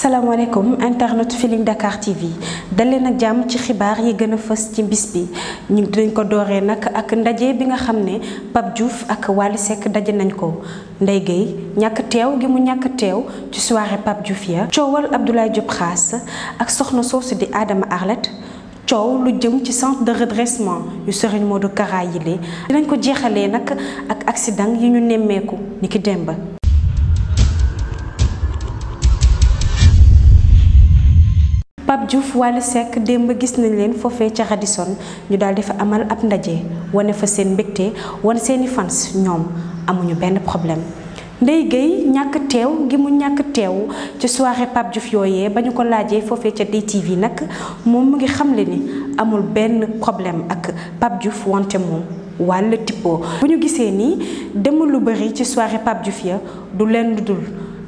salaamaaleykum internet Feeling Dakar TV dalee nag jàmm ci xibaar yi gën a fës ci mbis bi ñu dinañ ko dooree nag ak ndaje bi nga xam ne Pape Diouf ak Wally Seck daje nañ ko Ndeye Gueye ñàkk teew gi mu ñàkk teew ci soirée Pape Diouf ya coowal Abdoulaye Diop Khass ak soxna soosu di aadama Arlette coow lu jëm ci centre de redressement yu sëriñ Modou Kara yile dinañ ko jeexalee nag ak accident yi ñu nemmeeku ni ki démb Pape Diouf Wally Seck démb gis nañ leen foofee ca ñu daal di amal ab ndaje wane fa seen mbégte wan seeni fans ñoom amuñu benn problème. Ndeye Gueye ñàkk teew gi mu ñàkk teew ba ñu ko laajee foofee ca DTV nag moom mu ngi xamle ni amul benn problème ak Pape wante moom wàll tippoo bu ñu gisee nii demul lu bari ci soirée Pape Diouf ya du leen dul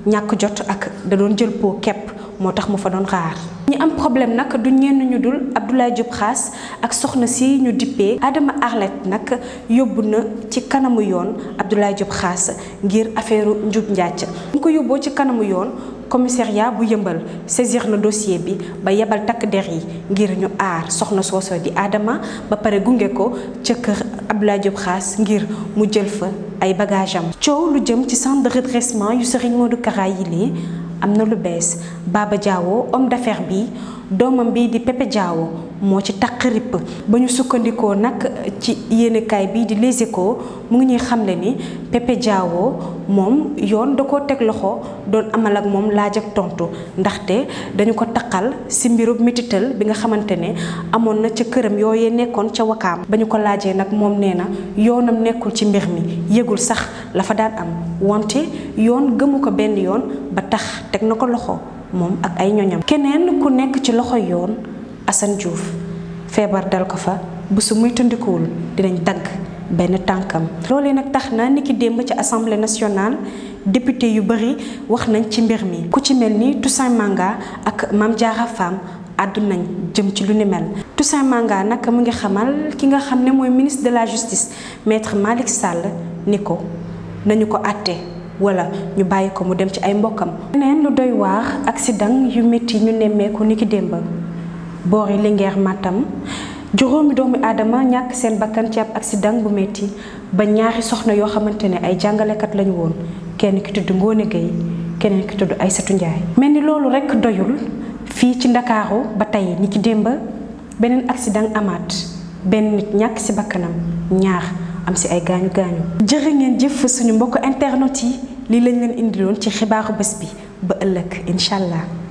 ñàkk jot ak da doon jël kepp moo tax mu fa doon xaar. ñi am problème nag du ñenn ñu dul Abdoulaye job Khass ak soxna si ñu dippee Adama Arlette nag yóbbu na ci kanamu yoon Abdoulaye Diop Khass ngir affaire njub njàcc mu ko yóbboo ci kanamu yoon commissariat bu yëmbal saisir na dossier bi ba yebal takk der yi ngir ñu aar soxna sooso di Adama ba pare gunge ko ca kër Abdoulaye Diop Khass ngir mu jël fa ay bagage am coow lu jëm ci centre de redressement yu Serigne Modou Kara yi am na lu bees Baba Diawo om d'affaires bi doomam bi di Pepe Diawo moo ci taq ripp ba ñu sukkandikoo nag ci yéenekaay bii di Les Échos mu ngi ñuy xamle ni Pepe Diawo moom yoon da koo teg loxo doon amal ak moom laaj ak tontu ndaxte dañu ko taqal si mbirum metital bi nga xamante ne amoon na ca këram yooyee nekkoon ca wakaam ba ñu ko laajee nag moom nee na yoonam nekkul ci mbir mi yégul sax la fa daan am wante yoon gëmu ko benn yoon ba tax teg na ko loxo moom ak ay ñoñam keneen ku nekk ci loxo yoon Assane Diouf feebar dal ko fa bu su muy tëndikuwul dinañ dagg benn tànkam. loolee nag tax na niki démb ci assemblée nationale député yu bëri wax nañ ci mbir mi ku ci mel ni Toussaint Manga ak Mame Diarra Fam àddu nañ jëm ci lu ni mel Toussaint Manga nag mu ngi xamal ki nga xam ne mooy ministre de la justice maitre Malick Sall ni ko nañu ko àtte wala ñu bàyyi ko mu dem ci ay mbokkam. leneen lu doy waar accident yu métti ñu nemmeeku niki démb. boori Linguère mattam juróomi doomi aadama ñàkk seen bakkan ci ab accident bu metti ba ñaari soxna yoo xamante ne ay jàngalekat lañu woon kenn ki tudd Ngoone géey keneen ki tudd Aysatu Njaay mel ni loolu rekk doyul fii ci Ndakaaru ba tey ni ci démb beneen accident amaat benn ñàkk ci bakkanam ñaar am si ay gaañu gaañu jërë ngeen jëf suñu mbokk internet yi lii lañ leen indiloon ci xibaaru bés bi ba ëllëg incha allah